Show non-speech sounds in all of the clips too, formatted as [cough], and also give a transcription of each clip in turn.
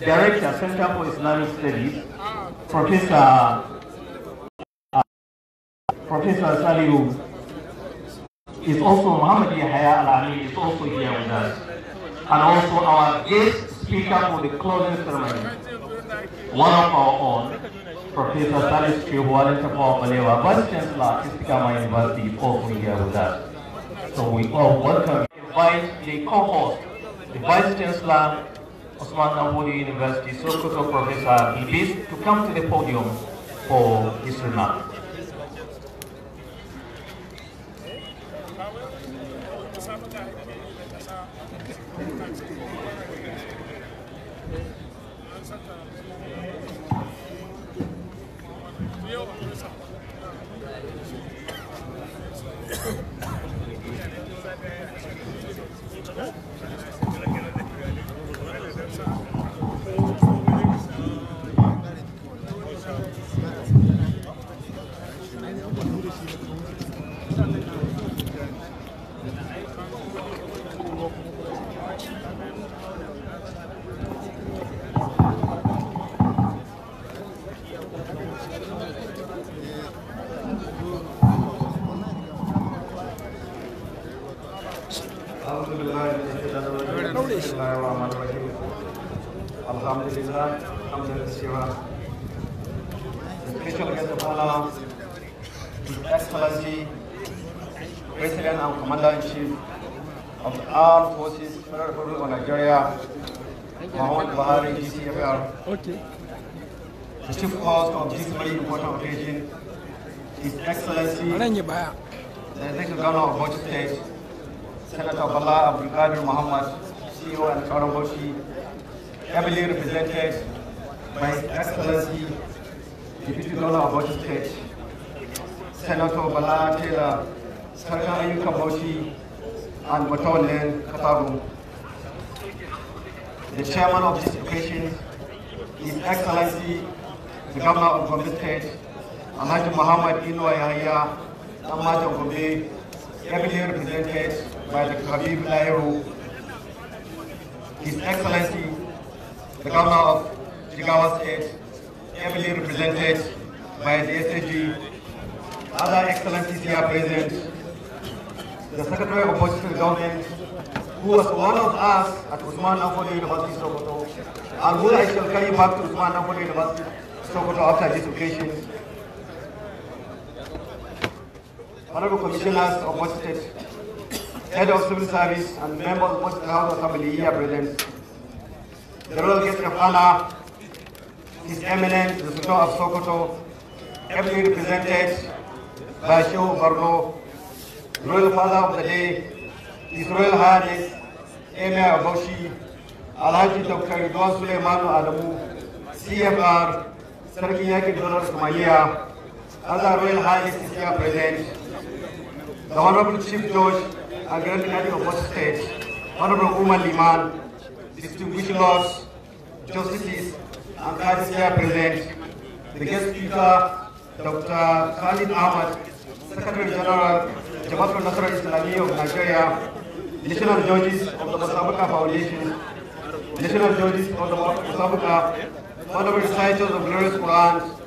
Director, Center for Islamic Studies, Professor uh, Professor Saliu is also Muhammad Yahya al is also here with us. And also our guest speaker for the closing ceremony, one of our own, Professor Salih Chihuahua Balewa, Vice Chancellor Artistic University is also here with us. So we all welcome invite the co-host, the Vice Chancellor Osman Nawuri University called Professor Ibis to come to the podium for his remark. Alhamdulillah, the special guest of honor, Excellency, President and Commander-in-Chief of the Armed Forces, Federal Republic of Nigeria, Mohammed Bahari, GCFR. Okay. The chief cause of this very important occasion, His Excellency, the Executive Governor of Bochi State, Senator Bala Abdulkadir Muhammad, CEO and Karaboshi, heavily represented by His Excellency Deputy Governor of Bauchi State, Senator Bala Taylor, Senator Ayuka Kaboshi, and Batolen Katabu. The chairman of this occasion, is Excellency, the Governor of Gombe State, Alhaji Muhammad Inwa Yahya, Amata Gombe, heavily represented by the Habib His Excellency, the Governor of Jigawa State, heavily represented by the SAG, other excellencies here present, the Secretary of Opposition Government, who was one of us at Usman Nafoli University, Sokoto, and who I shall carry back to Usman Nafoli University, Sokoto after this occasion. Honorable Commissioners of State, Head of Civil Service and members of the House Assembly here present, the Royal Guest of Honor, His Eminence, the Sultan of Sokoto, everyone represented by Shehu Barno, Royal Father of the Day, His Royal Highness, Emir Aboshi, Alhaji Dr. Ridwan Suleiman Adamu, CFR, Sarki Yakin Donor Somalia, other Royal Highness is here present, the Honorable Chief Judge, and Grand Vicaries of Both States, Honorable Umar Liman, distinguished lords, justices, and parties here present, the guest speaker, Dr. Khalid Ahmad, Secretary General, Jamaat al Islami of Nigeria, National Judges of the Masabaka Foundation, National Judges of the Masabaka, Honorable Reciters of Glorious Quran,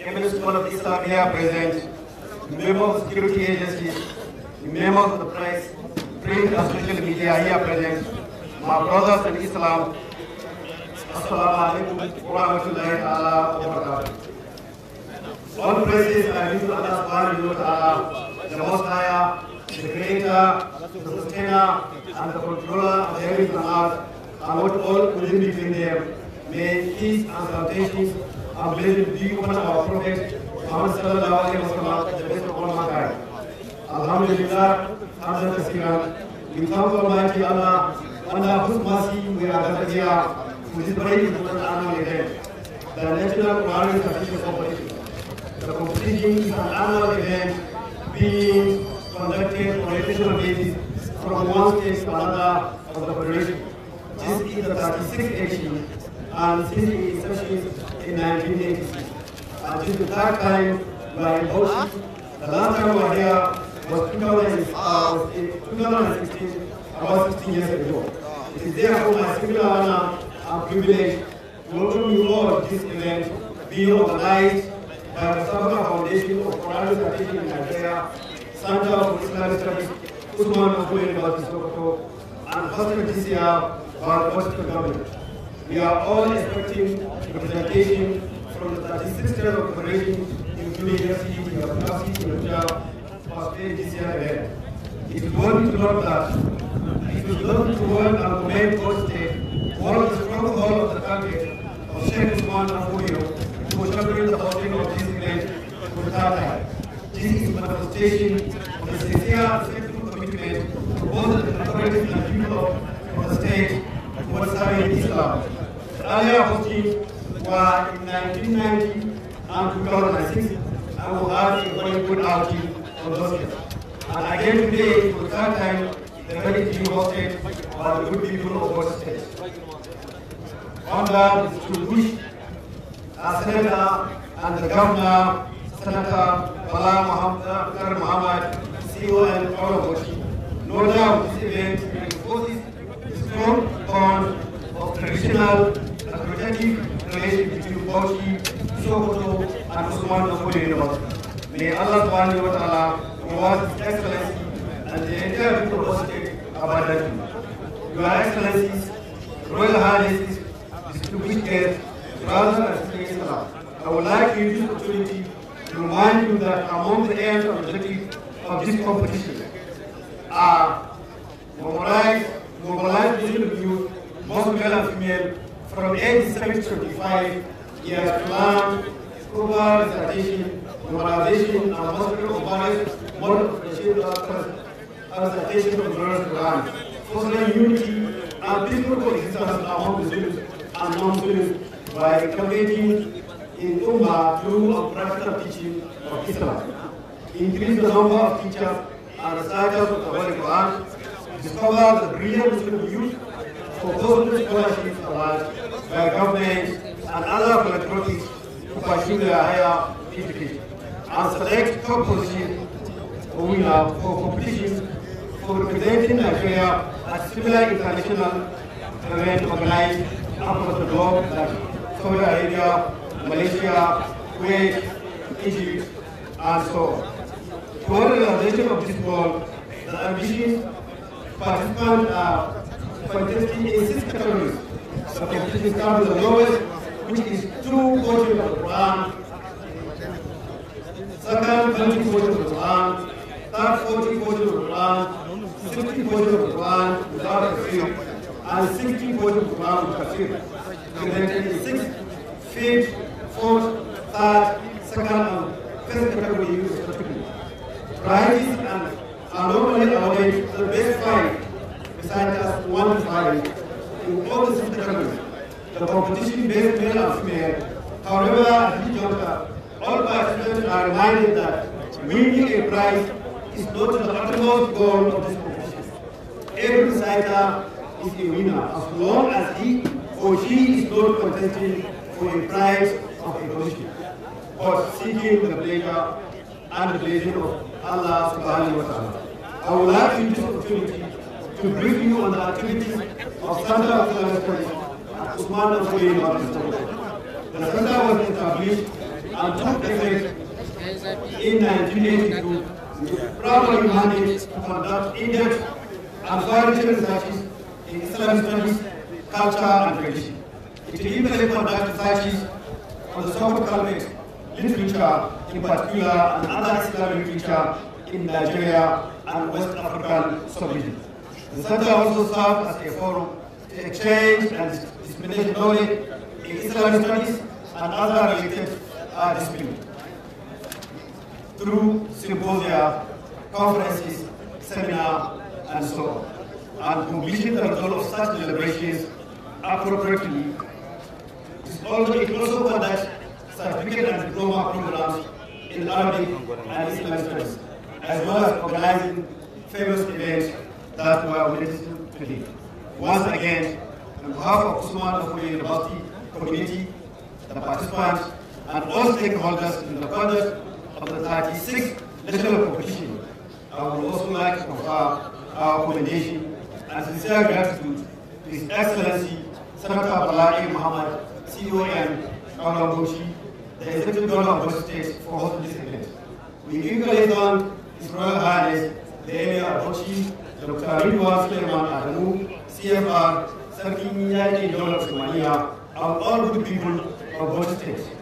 Eminent School of Islam here present, member of security agencies, member of the press, Great Association Media here present, my brothers in Islam, Assalamu alaikum wa rahmatullahi ala wa barakatuh. All praises are due to Allah subhanahu wa ta'ala, the Most High, the Creator, the Sustainer, and the Controller of the heavens and earth, and what all within between them. May peace and salvation and blessings be upon our Prophet, Muhammad sallallahu alayhi wa sallam, the best of all mankind. Alhamdulillah, عبدا كثيرا We thank Almighty Allah, under whose mercy we are gathered here to celebrate this annual event, the National Marine Certificate Competition. The competition is an annual event being conducted on a regional basis from one state to another of the federation. This is the 36th edition and since its inception in 1986. And this is the third time we are in Bauchi. The last time we were here was 2016, uh, about 16 years ago. It is therefore my singular honor and privilege to welcome you all to this event being organized by the Sabah Foundation of Corano Education in Nigeria, Center for Islamic Studies, Usman and hosted this year by the Washington government. We are all expecting representation from the 36 of the including SCU, University, University, was made this It is important to note that it was not to work one of the stronghold of the country, of Sheikh Usman Afuyo, who championed the holding of this great This is a manifestation of the sincere and faithful commitment to both the authorities and people of the state towards serving Islam. The earlier hosting were in 1990 and 2006 and will have a very good outing and again today, for the third time, the very is hosted by the good people of our State. One plan is to push the Senator and the Governor, Senator Bala Muhammad, uh, Muhammad CEO and all of us. No doubt this event exposes the strong bond of traditional and protective relations between Bauchi, Sokoto, and Osman Nobody University. May Allah subhanahu wa ta'ala promote excellent and the entire people of state abundantly. Your Excellencies, Royal Highnesses, distinguished guests, brothers and sisters, I would like to use this opportunity to remind you that among the aims and objectives of this competition are mobilize, mobilize the youth, both male and female, from age 7 to 25 years to learn, proper representation, globalization and hospital organized one presentation of various plans, personal unity and peaceful coexistence among Muslims and non by communicating in Ummah through a practical teaching of Islam, increase the number of teachers and reciters of the Holy discover the brilliant Muslim youth for possible scholarships allowed by government and other philanthropists to pursue their higher education. Our select purposes we have for competition for representing Nigeria at similar international events organized across the globe like Saudi Arabia, Malaysia, Kuwait, Egypt, and so on. For the realization of this goal, the ambitious participants are contesting in six categories. The competition comes the lowest, which is two portions of the brand Sometimes 20 40 of the start 40 40 of 60 of without a and 60 of with a then sixth, fifth, fourth, third, second, and first we use respectively. Varieties and are normally awarded the best five, besides just one five, in all the six The competition based male and female, however, he jumped up all participants are reminded that winning a prize is not the utmost goal of this competition. Every reciter is a winner as long as he or she is not contesting for a prize of a position, but seeking the pleasure and the pleasure of Allah subhanahu wa ta'ala. I would like to use this opportunity to brief you on the activities of Center of Islamic Studies at Usman Affiliate University. The center was established our top effort in 1982, we proudly managed to conduct in-depth and variety researches in Islamic studies, culture, and tradition. It even conducted researches on the so called literature in particular and other Islamic literature in Nigeria and West African subregion. The center also served as a forum to exchange and disseminate knowledge in Islamic studies and other related uh, dispute through symposia, conferences, seminar, and so on, and completing the result of such deliberations appropriately. It also conducts certificate and diploma programs in Arabic and Islamic studies, as well as organizing famous events that were related to him. Once again, on behalf of Usman University community, the participants, and all stakeholders in the context of the 36th National Competition. I would also like to offer our commendation and sincere gratitude to His Excellency Senator Balaji Muhammad, COM, Kaulamboshi, the Executive Governor of the state for hosting this event. We eagerly thank His Royal Highness, the Emir of Dr. Ridwan Suleiman Adamu, CFR, Sarkin Yaji Dollar Somalia, and all good people of Bochi State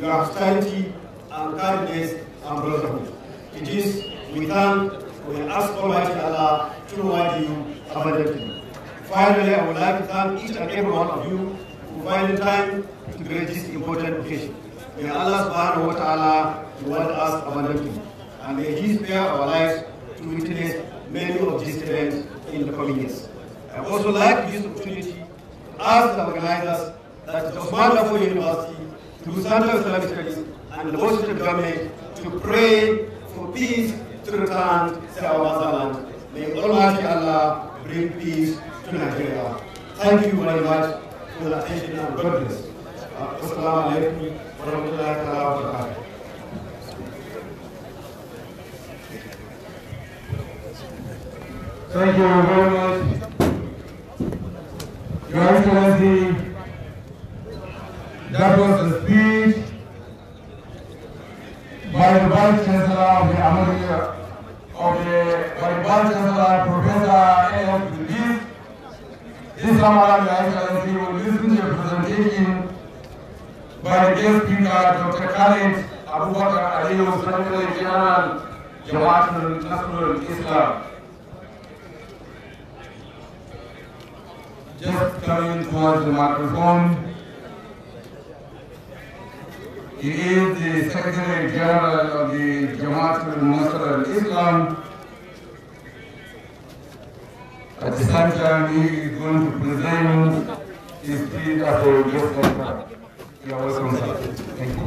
your hospitality and kindness and brotherhood. It is we thank, we ask Almighty Allah to reward you abundantly. Finally, I would like to thank each and every one of you who find time to create this important occasion. May Allah subhanahu wa ta'ala reward us abundantly. And may He spare our lives to witness many of these events in the coming years. I also like this opportunity to ask the organizers that the Osman University to Central Islamic Studies and the Washington government to pray for peace to return to our motherland. May Almighty Allah bring peace to Nigeria. Thank you very much for the attention and God bless. Uh, Assalamu alaikum wa rahmatullahi wa barakatuh. Thank you very much. Your Excellency, that was the speech by the Vice Chancellor of the America, of the, by the Vice Chancellor, Professor A.F. Lulis. This Ramadan Excellency will listen to a presentation by the guest speaker, Dr. Khalid Abubakar Aliyu, Secretary General, Jamaatul Nasrul Islam. Just coming towards the microphone. He is the Secretary General of the Jamaat al masr al-Islam. At the same time, he is going to present his speech at after center. You are welcome, sir. Thank you.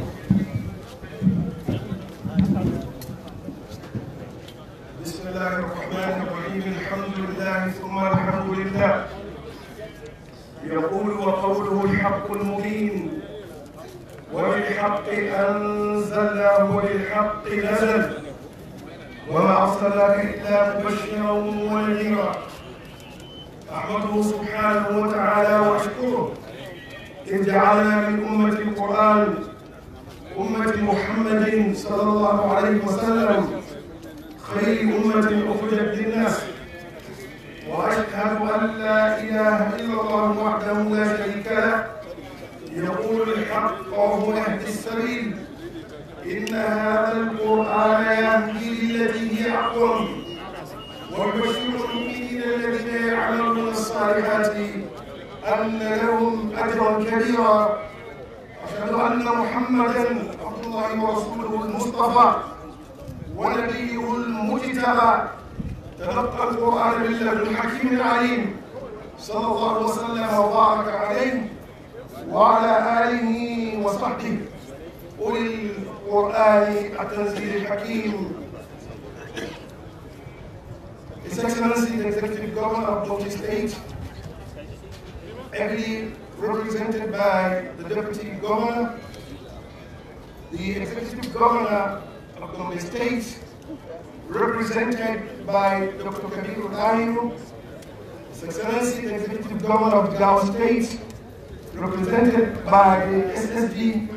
بسم الله الرحمن الرحيم الحمد لله ثم الحمد لله يقول وقوله الحق المبين وبالحق أنزلناه وبالحق نزل وما أرسلناك إلا مبشرا ونذيرا أحمده سبحانه وتعالى وأشكره إن جعلنا من أمة القرآن أمة محمد صلى الله عليه وسلم خير أمة أخرجت للناس وأشهد أن لا إله إلا الله وحده لا شريك له يقول الحق وهو يهدي السبيل إن هذا القرآن يهدي للتي هي أقوم ويبشر المؤمنين الذين يعملون الصالحات أن لهم أجرا كبيرا أشهد أن محمدا عبد الله ورسوله المصطفى ونبيه المجتبى تلقى القرآن بالله الحكيم العليم صلى الله وسلم وبارك عليه وعلى آله وصحبه أولي القرآن التنزيل الحكيم His Excellency the Executive Governor of Georgia State, ably represented by the Deputy Governor, the Executive Governor of Gombe State, represented by Dr. Kabir Udayu, His Excellency the Executive Governor of Gao State, represented by the SSD,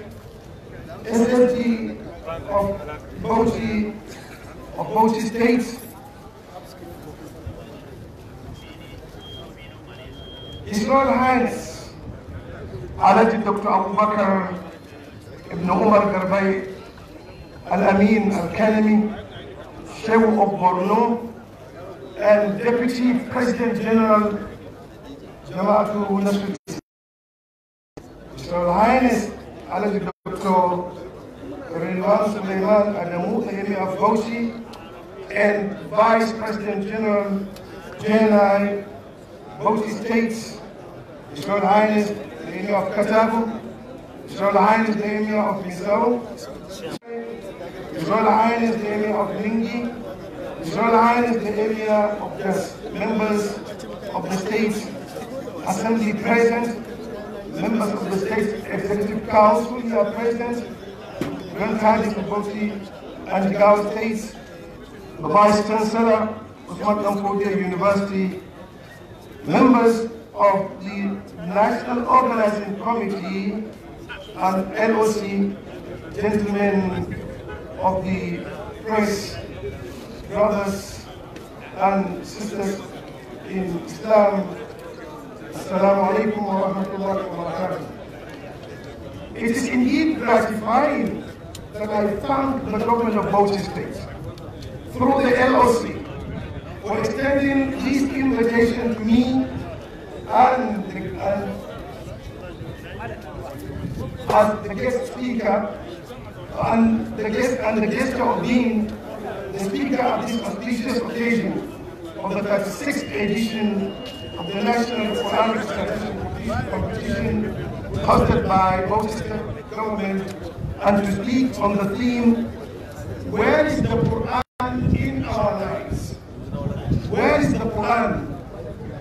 SSD of Bauchi, of Bauchi State. His Royal Highness, Alaji Dr. Abu Bakr Ibn Umar Garbay, Al-Amin Al-Kalami, Sheikh of Borno, and Deputy President General Jamaatul Nasr so Your Highness, Alaji Dr. Rinwan Suleiman Adamu Amy of Hoshi and Vice President General Janai Hoshi States, His Royal Highness the Emir of Katabu, His Royal Highness the Emir of Mizo, His Royal Highness the Emir of Lingi, His Royal Highness the Emir of the members of the States Assembly present, members of the State Executive Council your present, Grantali Kuboti and Gao State, the Vice Chancellor of Madam University, members of the National Organizing Committee and LOC, gentlemen of the press, brothers and sisters in Islam, Assalamu alaikum wa rahmatullahi wa barakatuh. It is indeed gratifying that I thank the government of Bauchi State through the LOC for extending this invitation to me and, and as the guest speaker and the guest and the guest of being the speaker of this auspicious occasion of the 36th edition of the National Islamic Competition hosted by Pakistan government and to speak on the theme, where is the Quran in our lives? Where is the Quran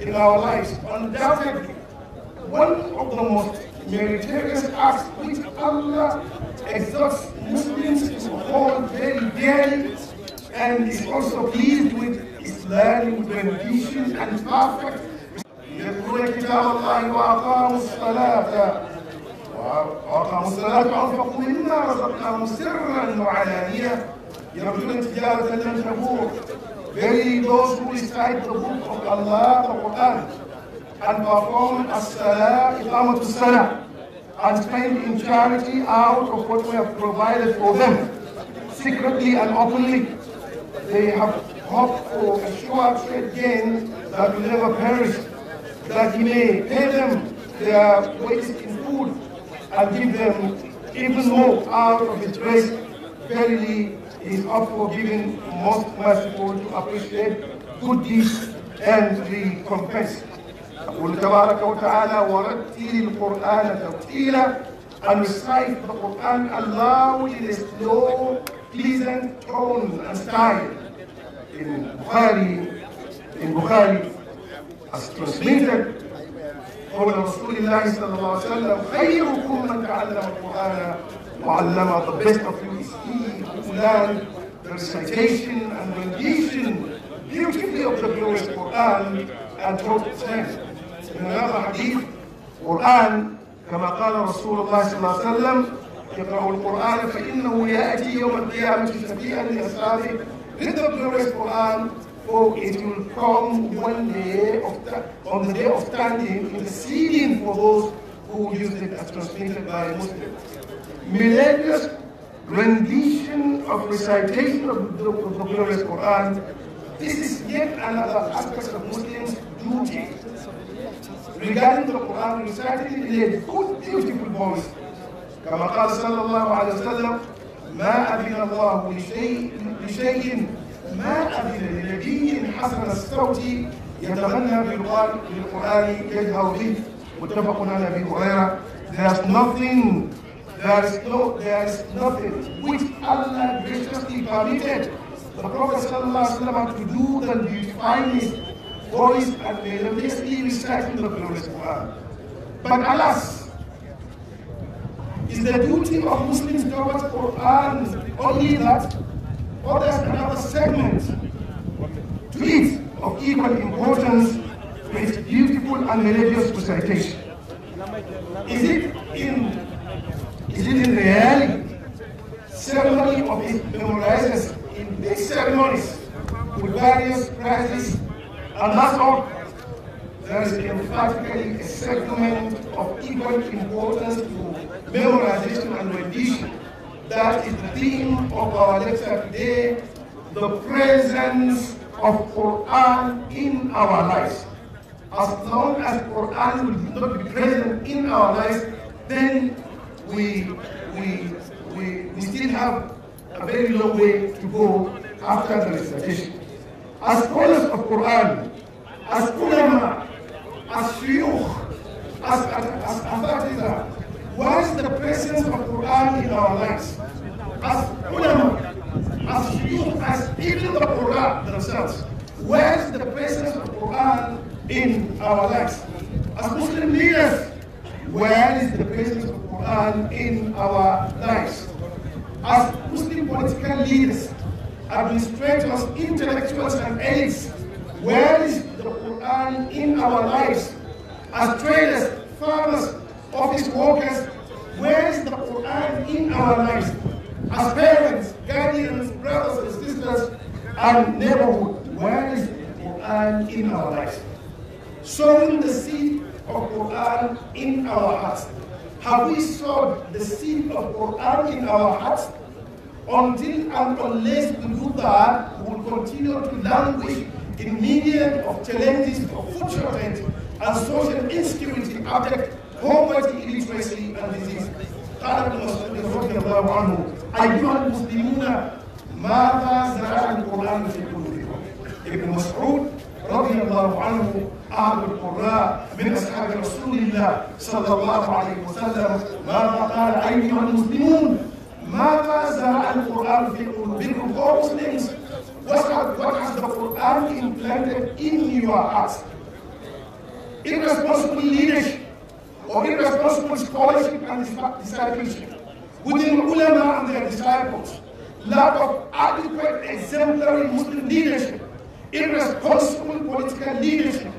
in our lives? Undoubtedly, one of the most meritorious acts which Allah exhorts Muslims to hold very dearly and is also pleased with is learning, rendition, and perfect يتلون كتاب الله وأقاموا الصلاة وأقاموا الصلاة وأنفقوا مما رزقناهم سرا وعلانية يرجون تجارة لن تبور Very those who recite the book of Allah, the Quran, and perform as-salah, iqamatu salah, and spend in charity out of what we have provided for them, secretly and openly. They have hoped for a sure trade gain that will never perish. that he may pay them their weight in food and give them even more out of his grace. Verily, he is oft giving most merciful to appreciate good deeds and recompense. يقول تبارك وتعالى ورتل القرآن ترتيلا and recite the Quran aloud in a slow, pleasant tone and style. In Bukhari, in Bukhari has transmitted قول رسول الله صلى الله عليه وسلم خيركم من تعلم القرآن وعلم the best of you is he who learned recitation and rendition beautifully of the glorious Quran and taught it in another hadith Quran كما قال رسول الله صلى الله عليه وسلم يقرأ القرآن فإنه يأتي يوم القيامة سبيئا لأصحابه Read the glorious Quran Oh, it will come one day of on the day of standing, interceding for those who use it as transmitted by Muslims. Millennials rendition of recitation of the, of the glorious Quran. This is yet another aspect of Muslims' duty. Regarding the Quran, reciting it in a good, beautiful voice. كما قال صلى الله عليه وسلم ما أذن الله لشيء ما قدر لنبي حسن الصوت يتغنى بالقرآن يجهر به متفق على أبي هريرة There's nothing There's no There's nothing which Allah graciously permitted the Prophet صلى الله عليه وسلم to do than beautifying his voice and melodiously reciting the glorious Quran. But alas, is the duty of Muslims towards Quran only that others another segment to it of equal importance for its beautiful and melodious recitation. Is it in, is it in reality ceremony of its memorizers in big ceremonies with various prizes and that's all there is emphatically a segment of equal importance to memorization and rendition that is the theme of our lecture today, the presence of Quran in our lives. As long as Quran will not be present in our lives, then we, we, we, we still have a very long way to go after the recitation. As scholars of Quran, as ulama, as shuyukh, as, as, as, as is the presence of Quran in our lives, as ulama, as youth, as even the Quran themselves, where's the presence of Quran in our lives? As Muslim leaders, where is the presence of Quran in our lives? As Muslim political leaders, administrators, intellectuals, and elites, where is the Quran in our lives? As traders, farmers, office workers, where is the Quran in our lives? As parents, guardians, brothers and sisters, and neighborhood, where is the Quran in our lives? Sowing the seed of Quran in our hearts. Have we sowed the seed of Quran in our hearts? Until and unless we do that, we will continue to languish in media of challenges of food shortage and social insecurity abject poverty, illiteracy, and disease. قال ابن مسعود رضي الله عنه أيها المسلمون ماذا زرع القرآن في قلوبكم؟ ابن مسعود رضي الله عنه أحد القراء من أصحاب رسول الله صلى الله عليه وسلم ماذا قال أيها المسلمون ماذا زرع القرآن في قلوبكم؟ Oh Muslims, what has, what has the Quran implanted in your hearts? Irresponsible leadership or irresponsible scholarship and discipleship within ulama and their disciples, lack of adequate exemplary Muslim leadership, irresponsible political leadership,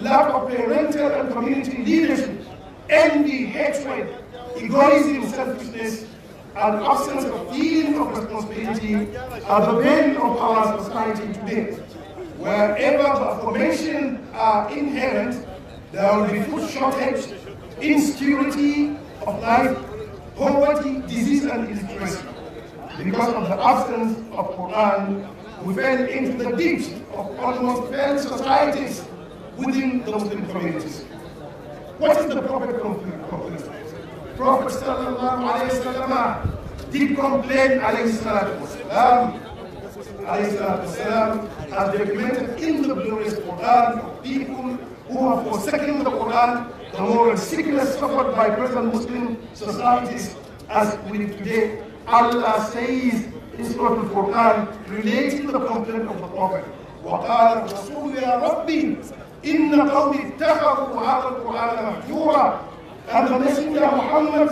lack of parental and community leadership, envy, hatred, egoism, selfishness, and absence of feeling of responsibility are the bane of our society today. Wherever the aforementioned are inherent, there will be food shortage, insecurity of life, poverty, disease, and illiteracy. Because of the absence of Quran, we fell into the depths of almost failed societies within those Muslim communities. What is the Prophet complaint? Prophet sallallahu alayhi wasallam did complain alayhi salatu wasalam, as documented in the glorious Quran of people who have forsaken the Quran the more sickness suffered by present Muslim societies as we today. Allah says in Surah Quran furqan to the complaint of the Prophet. وقال رسول يا ربي إن قومي اتخذوا هذا القرآن مهجورا and the Messenger Muhammad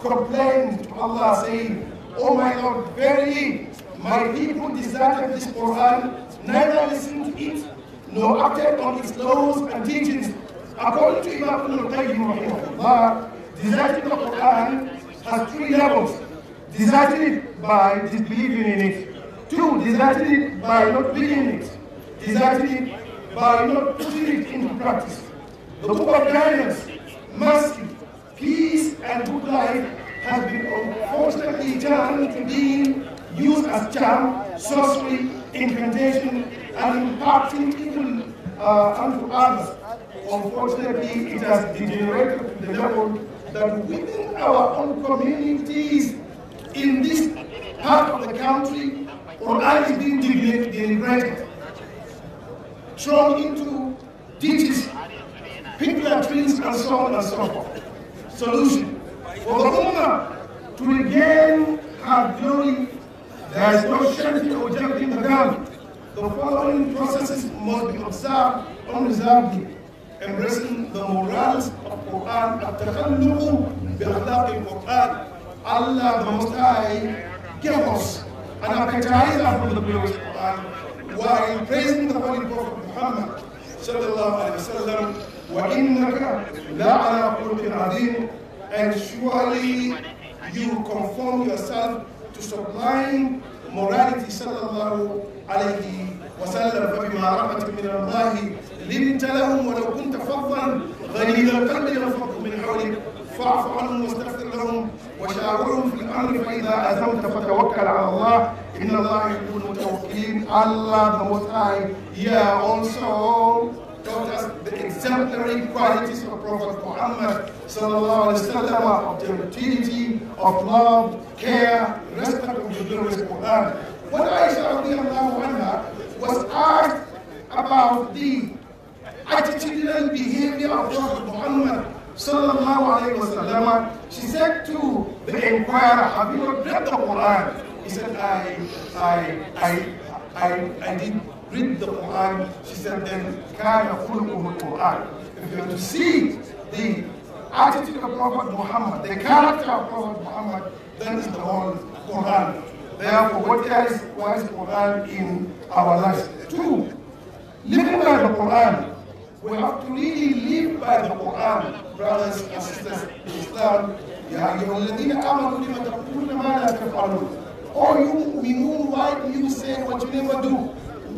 complained to Allah saying, Oh my Lord, verily my people deserted this Quran, neither listened to it, nor acted on its laws and teachings According to Imam Ibn al-Qayyim, deserting the Quran has three levels. Deserting it by disbelieving in it. Two, deserting it by not reading it. Deserting it by not putting it into practice. The book of guidance, mercy, peace, and good life has been unfortunately turned to being used as charm, sorcery, incantation, and imparting evil uh, unto others. Unfortunately, it has degenerated to the level that within our own communities in this part of the country, Quran have been degenerated, thrown into ditches, picked are being and so on and so forth. Solution for the Ummah to regain her glory, there is no charity or in the ground. The following processes must be observed unreservedly embracing the morals of Quran, التخلق بأخلاق Quran, Allah the Most High gave us an appetizer from the glorious Quran while praising the Holy Prophet Muhammad sallallahu alaihi wasallam. وَإِنَّكَ لَعَلَى خُلْقٍ عَظِيمٍ And surely you conform yourself to sublime morality sallallahu alaihi wasallam. فَبِمَا رَحْمَةٍ مِنَ اللَّهِ لنت لهم ولو كنت فظا غليظ القلب لانفضوا من حولك فاعف عنهم واستغفر لهم وشاورهم في الامر فاذا اثمت فتوكل على الله ان الله يحب المتوكلين Allah the Most High yeah also taught us the exemplary qualities of Prophet Muhammad sallallahu alaihi wasallam of gentility, of love, care, respect of the glorious Quran. When Aisha radiallahu anha was asked about the attitudinal behavior of Prophet Muhammad sallallahu alayhi wasallam, she said to the inquirer, have you not read the Quran? He said, I, I, I, I, I did read the Quran. She said, then kind of full of Quran. If you want to see the attitude of Prophet Muhammad, the character of Prophet Muhammad, then is the whole Quran. Therefore, what else was Quran in our lives? Two, living by the Quran we have to really live by the Quran, brothers and sisters in Islam. يا أيها الذين آمنوا لم تقولون ما لا تفعلون Or you, we know why you say what you never do.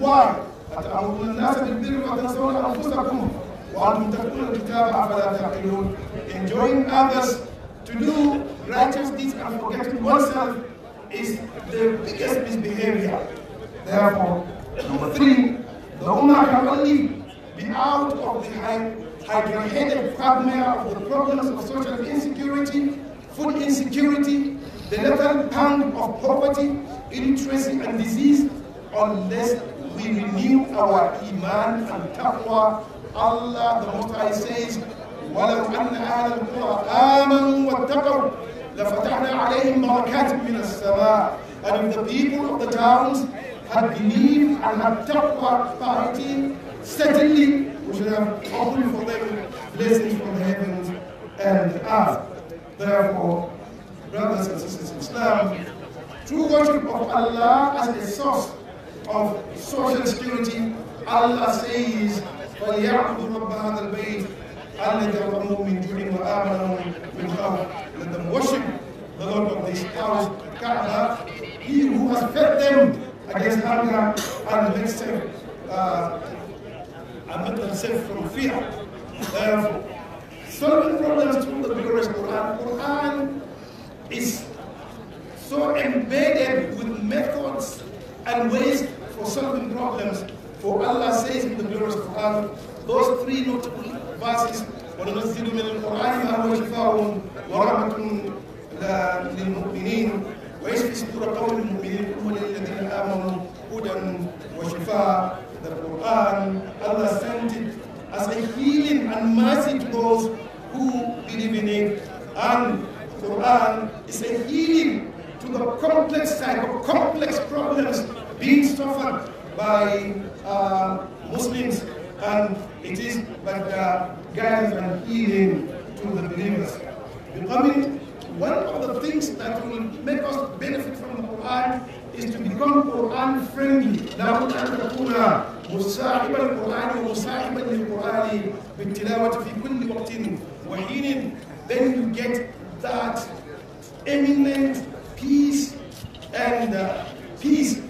Why? أتأمرون الناس بالبر وتنسون أنفسكم وأنتم تتلون الكتاب أفلا تعقلون Enjoying others to do righteous deeds and forgetting oneself is the biggest misbehavior. Therefore, number three, the Ummah can only be out of the hydra-headed quagmire of the problems of social insecurity, food insecurity, the lethal pang of poverty, illiteracy, and disease unless we renew our iman and taqwa. Allah the Most High says, وَلَوْ أَنَّ أَهْلَ الْقُرَىٰ آمَنُوا وَاتَّقَوْا لَفَتَحْنَا عَلَيْهِمْ بَرَكَاتٍ مِنَ السَّمَاءِ And if the people of the towns had believed and had taqwa piety, Certainly, we should have opened for them blessings from heaven, and earth. Therefore, brothers and sisters in Islam, true worship of Allah as a source of social security, Allah says, فَلْيَعْبُدُ رَبَّ هَذَا الْبَيْتِ الَّذِي أَطْعَمَهُم مِّن Let them worship the Lord of this house, Kaaba, He who has fed them against hunger and the uh, i themselves from fear. Therefore, um, solving problems through the Quran. is so embedded with methods and ways for solving problems. For Allah says in the glorious Quran, those three notable verses, وَنُنَزِّلُ مِنَ الْقُرْآنِ مَا هُوَ شِفَاءٌ وَرَحْمَةٌ لِلْمُؤْمِنِينَ وَيَشْفِي صُدُورَ قَوْمِ الْمُؤْمِنِينَ هُوَ لِلَّذِينَ آمَنُوا هُدًى وَشِفَاءٌ the Quran, Allah sent it as a healing and mercy to those who believe in it. And Quran is a healing to the complex type of complex problems being suffered by uh, Muslims and it is but uh, guidance and healing to the believers. Becoming one of the things that will make us benefit from the Quran is to become Quran friendly. مصاحب القرآن ومصاحبا للقرآن بالتلاوة في كل وقت وحين then you get that eminent peace and uh, peace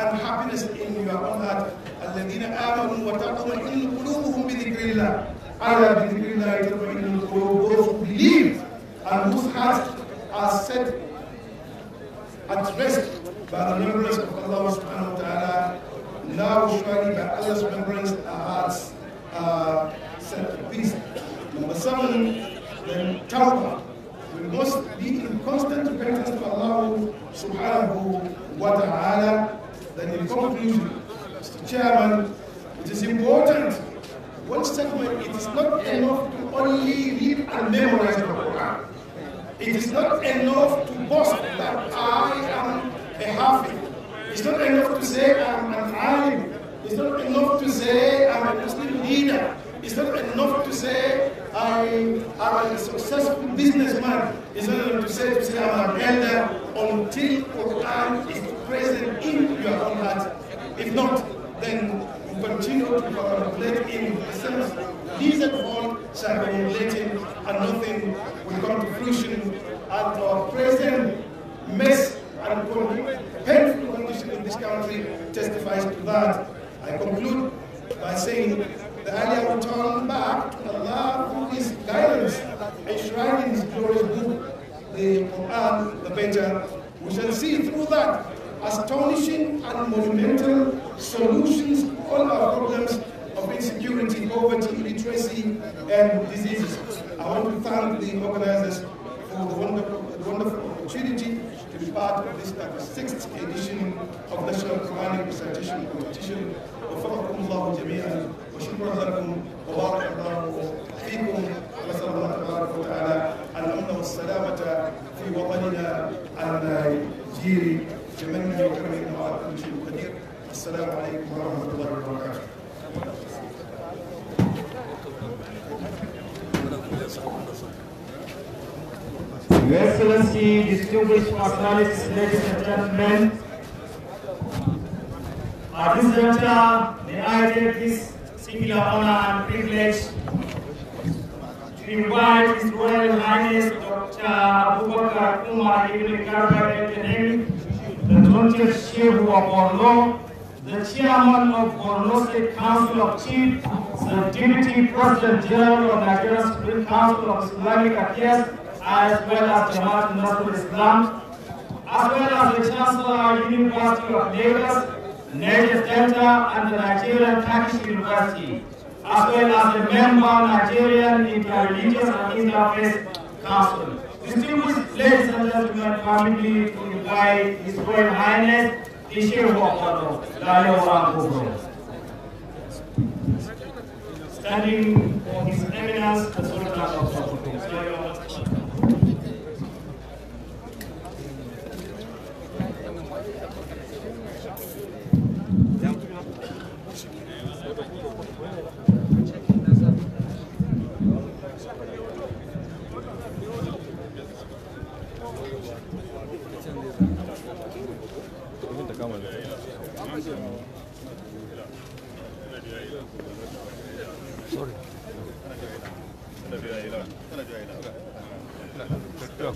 and happiness in your own heart الذين آمنوا وتطمئن قلوبهم بذكر الله ألا بذكر الله تطمئن القلوب who believe and whose hearts are set at rest by the remembrance of Allah subhanahu now surely by Allah's remembrance our hearts are uh, set at peace. Number seven, then tawbah. We must be in constant repentance to Allah subhanahu wa ta'ala. Then in conclusion, Mr. Chairman, it is important one statement, it is not enough to only read and memorize the Quran. It is not enough to boast that I am a Hafiz. It's not enough to say I'm an alim. It's not enough to say I'm a Muslim leader. It's not enough to say I am a successful businessman. It's not enough to say, to say I'm an elder until Quran is present in your own heart. If not, then continue to contemplate in the these at all shall be related and nothing will come to fruition at our present mess and painful this country testifies to that. I conclude by saying the will return back to Allah through His guidance, enshrined in His glorious book, the Quran, the better. We shall see through that astonishing and monumental solutions to all our problems of insecurity, poverty, illiteracy, and diseases. I want to thank the organizers for the wonderful, the wonderful opportunity part of this 36th edition of National Quranic Recitation Competition. وفقكم الله جميعا وشكرا لكم وبارك الله فيكم ونسأل الله تبارك وتعالى الأمن والسلامة في وطننا الجيري بمنه وكرمه وعلى كل شيء قدير السلام عليكم ورحمة الله وبركاته Your Excellency, distinguished nationalists, ladies and gentlemen, at this juncture, may I take this singular honor and privilege to invite His Royal Highness Dr. Abubakar Umar Ibn Garba Academy, the 20th Sheikh of Borno, the Chairman of Borno State Council of Chiefs, the Deputy President General of Nigeria Supreme Council of Islamic Affairs, as well as Jamaat Nasrul Islam, as well as the Chancellor of University of Lagos, Niger Delta, and the Nigerian Turkish University, as well as the member Nigerian Interreligious and Interfaith Council. Distinguished ladies and gentlemen, family to invite His Royal Highness, the Sheikh of Ottawa, Dayo Standing for His Eminence, the Sultan of Sokoto.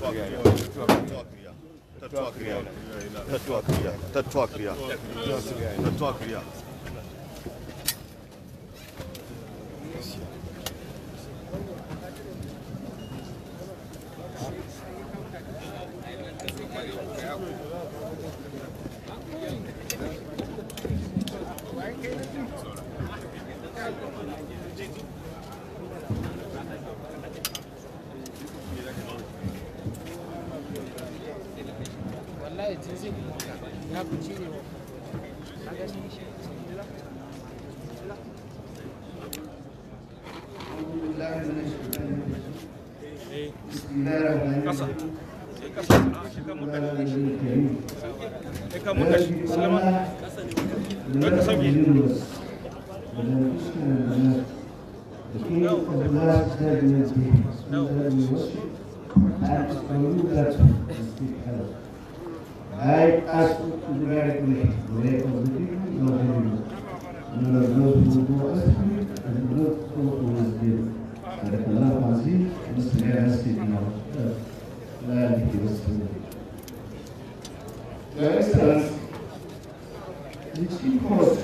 Tatwak riyal. Tatwak riyal. Tatwak riyal. Tatwak riyal. The king of the last dead in his beings, who led me worship, acts for you that speak help. I ask you to guide me, the way of the people, not the people. And of those who go after me, and not those who will give. Sadaqallah Azim. بس هنا مسجدنا مالك وسلم Your Excellency, the chief host,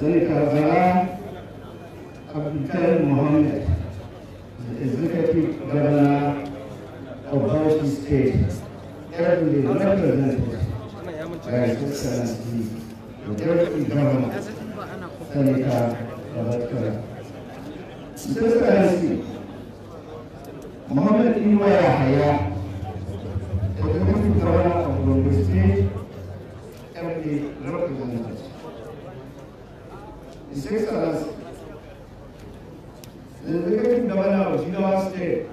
Sheikh Azhar Abdul Mohammed, the executive governor of Bauchi State, heavily represented by His Excellency, the deputy governor, Senator Robert Mr. Excellency, Mohamed Iwa Yahaya, Deputy Governor of Gombe State, MA Representative. His Excellency, the Deputy Governor of Jigawa State,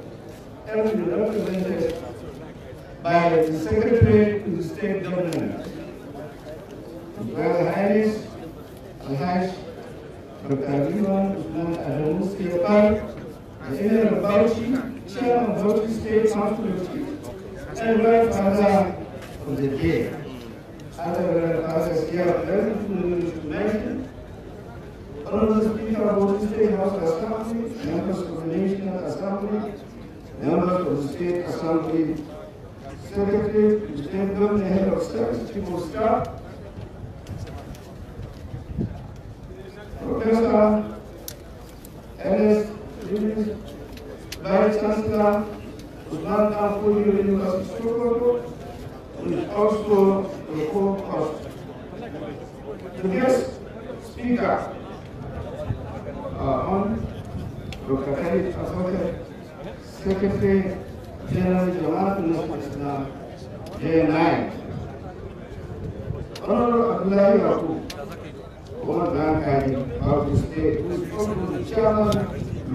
MA Representative by the Secretary to the State Government, Royal Highness, Al-Hajj, Dr. Ivan Usman Adamu General Bauchi, Chair of Bauchi State Constituency, Admiral Kaza from the day. Admiral Kaza Chair of Government, Honorable Speaker of Bauchi State House Assembly, members of the National Assembly, members of the State Assembly, Secretary to State Government, Head of State, Chief of Staff, Professor Ernest Minister, Vice Chancellor University also the co-host. The guest speaker uh, on Dr. Khalid Aswate, Secretary General Jamaat J9. Honorable Abdullahi Yaku, Commander Khalid, of the state, who is also the chairman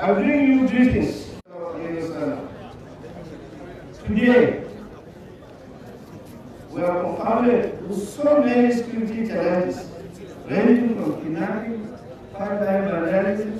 I bring you greetings Today, we are confronted with so many security challenges, ranging from kidnapping, part-time vandalism,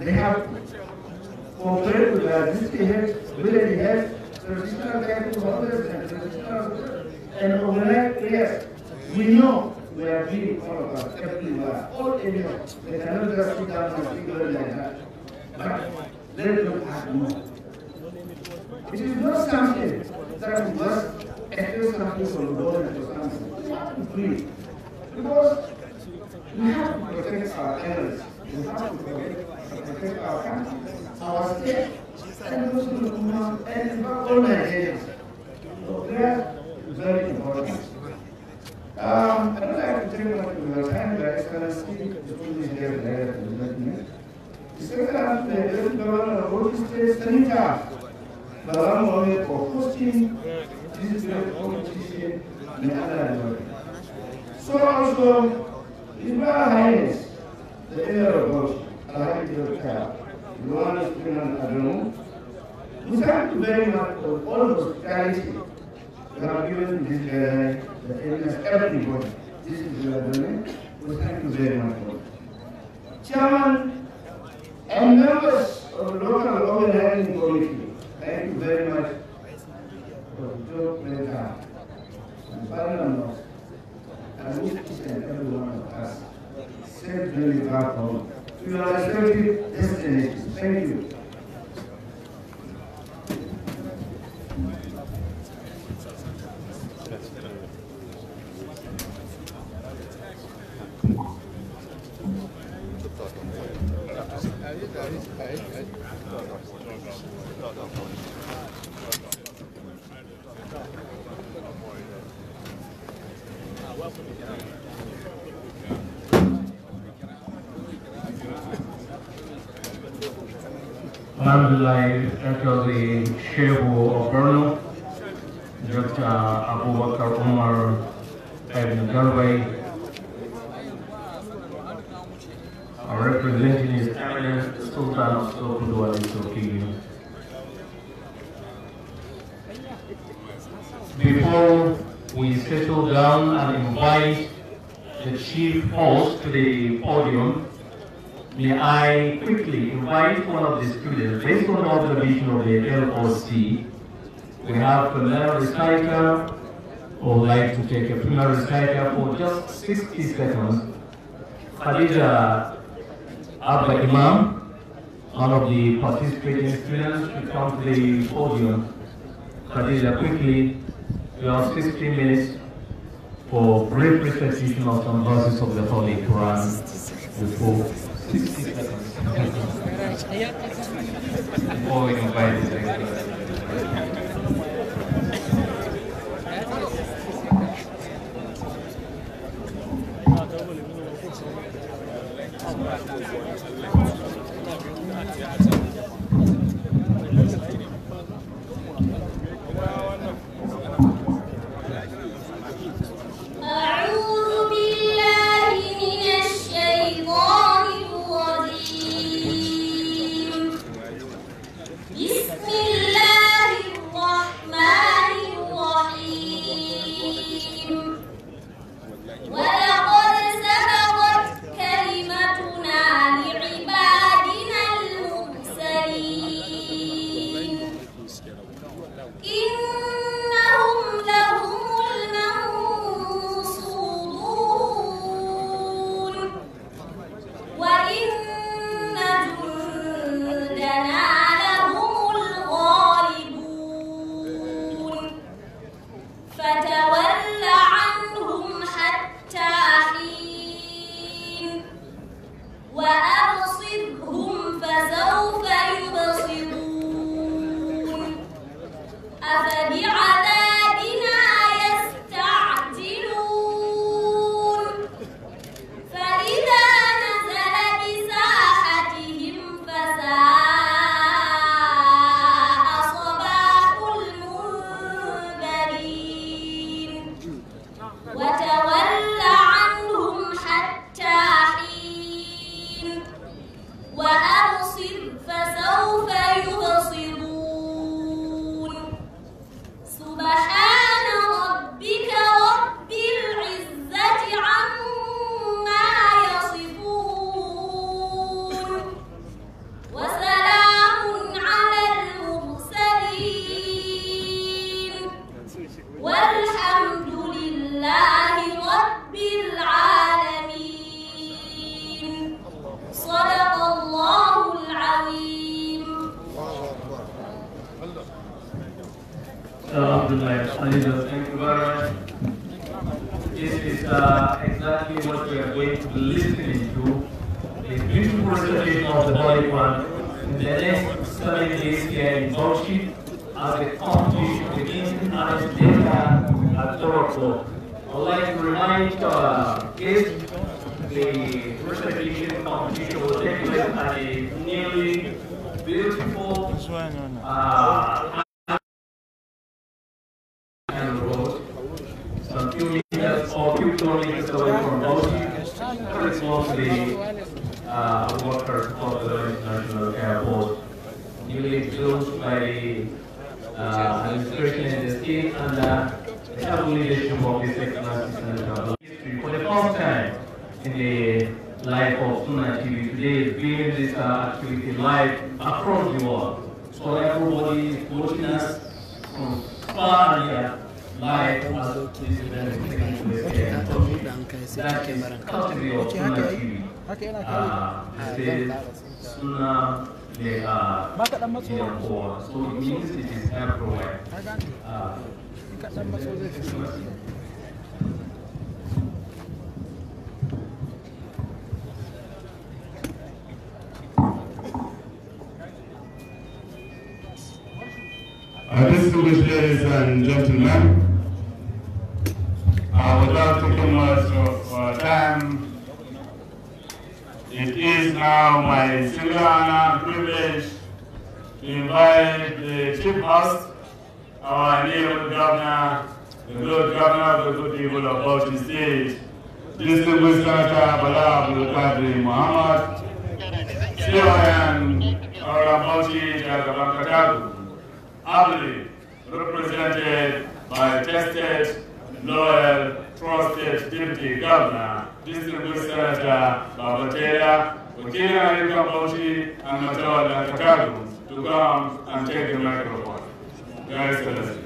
They have cooperated with the district heads, traditional camp others and traditional and overnight We know we are doing all of us everywhere, all They cannot just sit down and figure like that. But let them have more. It is not something that we just address something from the government or something. We have to do Because we have to protect our elders. We have to protect our state and those who do not and organizations. So prayer is very important. Um, I don't like to take much of your time, but I can see the school is here there in that minute. इसके कारण rail governor road stage सही था बराम होने को hosting this competition में आना है सो आल्सो इनवा highness the air of hosting room. We thank you very much for all the hospitality you have given this, uh, the illness, everybody. This is your domain. We thank you very much for it. Chairman and members of local organizing committee, thank you very much for the job And Parliament, I wish each and every of us safe journey back home to your respective destinies. Thank you. experienced students to come to the podium. Khadija, quickly, We have 60 minutes for brief recitation of some verses of the Holy Quran before 60 seconds. [laughs] before we invite the uh, road, some few meters or few kilometers away from Bochi, very close to the uh, water of the international airport. Newly built by the uh, administration in the state under the heavy leadership of this excellent For the first time in the life of Suna TV today, is being this uh, activity live across the world. everybody watching us from far live on this event that is Country of Sunna TV. Uh, it is Sunna de la Yerboa. So it means it is everywhere. Uh, My distinguished ladies and gentlemen, uh, without taking much of our time, it is now my singular honor privilege to invite the Chief Host, our neighborhood governor, the good governor of the good people of Bauchi State, distinguished Senator Bala Abdul Qadri Muhammad, Chairman of Bauchi Jagabankatagu ably represented by tested, loyal, trusted deputy governor, district senator Babatela, Wakina Erika Bauchi, and Matawa Takagu to come and take the microphone. Guys,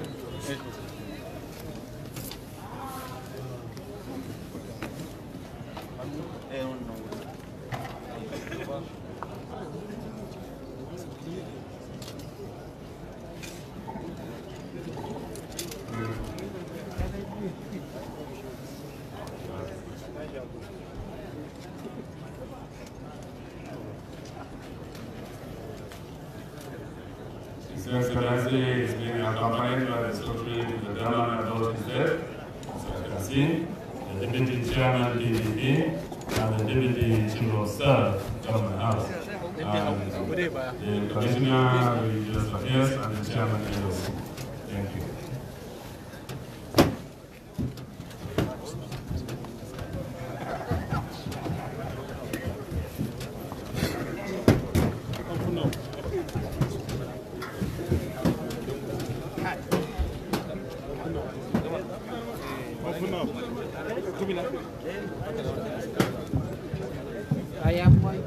to lalle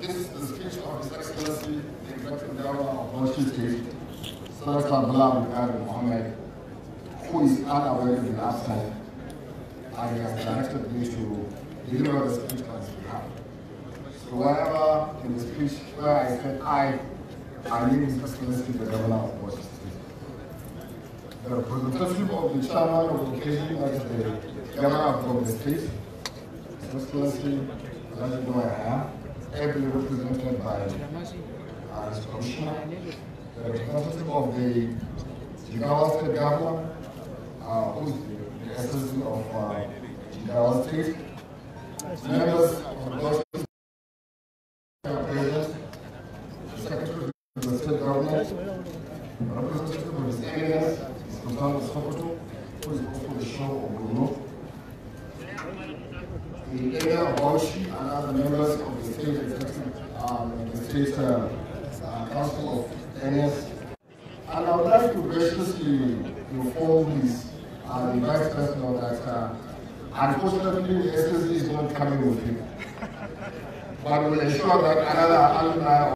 This is the speech of His Excellency, the Executive of Sultan who is unaware of the last time, and he has directed me to deliver the speech on his behalf. So whenever in the speech where I said I а ние не сме свидетели да голяма The representative of the chairman of the occasion at the Ghana eh? from represented by a commissioner, the representative of the Jigawa State Government, uh, who is the essence of uh, Jigawa State, members of the Gleiche. Aber das Titel des Ärgers, des Totales Foto, also the show of Bruno. The area of Bauchi and other members of the state executive, um, the state uh, uh, council of NS. And I would like to graciously inform this uh, the vice president that uh, unfortunately SSD is not coming with him. but we'll ensure that another alumni